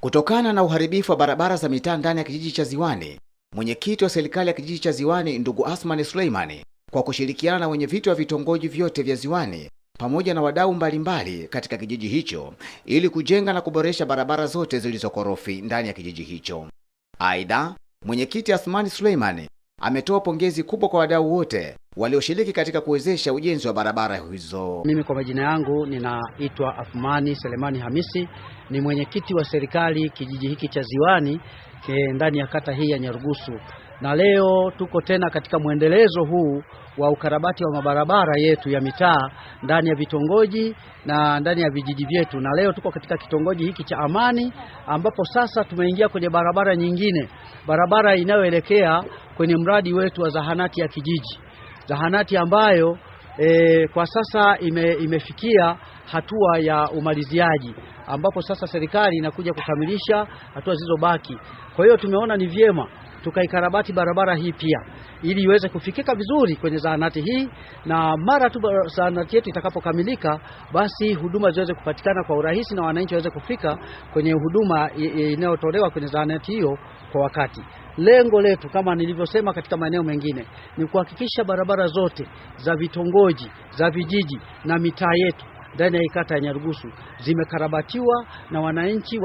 Kutokana na uharibifu wa barabara za mitaa ndani ya kijiji cha Ziwani, mwenyekiti wa serikali ya kijiji cha Ziwani ndugu Asmani Suleimani kwa kushirikiana na wenyeviti wa vitongoji vyote vya Ziwani pamoja na wadau mbalimbali katika kijiji hicho ili kujenga na kuboresha barabara zote zilizokorofi ndani ya kijiji hicho. Aidha, mwenyekiti Asmani Suleimani ametoa pongezi kubwa kwa wadau wote walioshiriki katika kuwezesha ujenzi wa barabara hizo. Mimi kwa majina yangu ninaitwa afmani Selemani Hamisi, ni mwenyekiti wa serikali kijiji hiki cha Ziwani ndani ya kata hii ya Nyarugusu, na leo tuko tena katika mwendelezo huu wa ukarabati wa mabarabara yetu ya mitaa ndani ya vitongoji na ndani ya vijiji vyetu, na leo tuko katika kitongoji hiki cha Amani ambapo sasa tumeingia kwenye barabara nyingine, barabara inayoelekea kwenye mradi wetu wa zahanati ya kijiji zahanati ambayo e, kwa sasa ime, imefikia hatua ya umaliziaji ambapo sasa serikali inakuja kukamilisha hatua zilizobaki. Kwa hiyo tumeona ni vyema tukaikarabati barabara hii pia ili iweze kufikika vizuri kwenye zahanati hii, na mara tu zahanati yetu itakapokamilika, basi huduma ziweze kupatikana kwa urahisi na wananchi waweze kufika kwenye huduma inayotolewa kwenye zahanati hiyo kwa wakati. Lengo letu kama nilivyosema katika maeneo mengine ni kuhakikisha barabara zote za vitongoji, za vijiji na mitaa yetu ndani ya hii kata ya Nyarugusu zimekarabatiwa na wananchi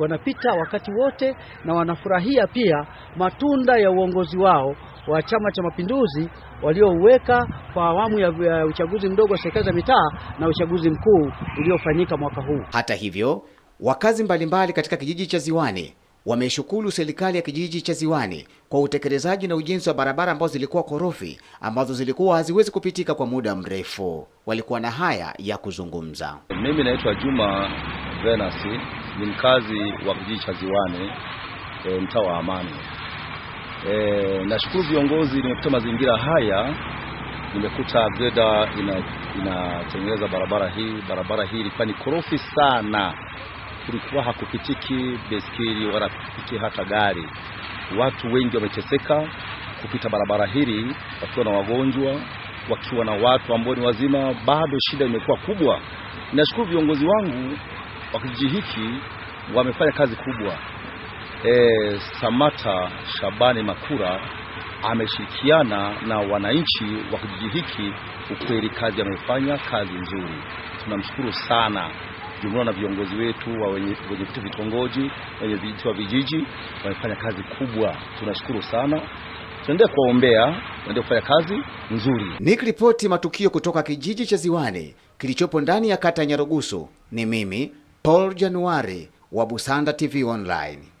wanapita wakati wote na wanafurahia pia matunda ya uongozi wao wa Chama cha Mapinduzi waliouweka kwa awamu ya uchaguzi mdogo wa serikali za mitaa na uchaguzi mkuu uliofanyika mwaka huu. Hata hivyo, wakazi mbalimbali katika kijiji cha Ziwani Wameshukuru serikali ya kijiji cha Ziwani kwa utekelezaji na ujenzi wa barabara ambazo zilikuwa korofi ambazo zilikuwa haziwezi kupitika kwa muda mrefu. Walikuwa na haya ya kuzungumza. Mimi naitwa Juma Venus, ni mkazi wa kijiji cha Ziwani, e, mtaa wa Amani. E, nashukuru viongozi, nimekuta mazingira haya, nimekuta greda inatengeneza ina barabara hii. Barabara hii ilikuwa ni korofi sana kulikuwa hakupitiki beskeli wala kupitiki hata gari. Watu wengi wameteseka kupita barabara hili, wakiwa na wagonjwa, wakiwa na watu ambao ni wazima, bado shida imekuwa kubwa. Nashukuru viongozi wangu wa kijiji hiki wamefanya kazi kubwa. E, Samata Shabani Makura ameshirikiana na wananchi wa kijiji hiki. Ukweli kazi amefanya kazi nzuri, tunamshukuru sana jumla na viongozi wetu wa wenye viti vitongoji, wenye vitu wa vijiji wamefanya kazi kubwa, tunashukuru sana. Tuendelee kuwaombea, tuendelee kufanya kazi nzuri. Nikiripoti matukio kutoka kijiji cha Ziwani kilichopo ndani ya kata ya Nyarugusu, ni mimi Paul Januari wa Busanda TV Online.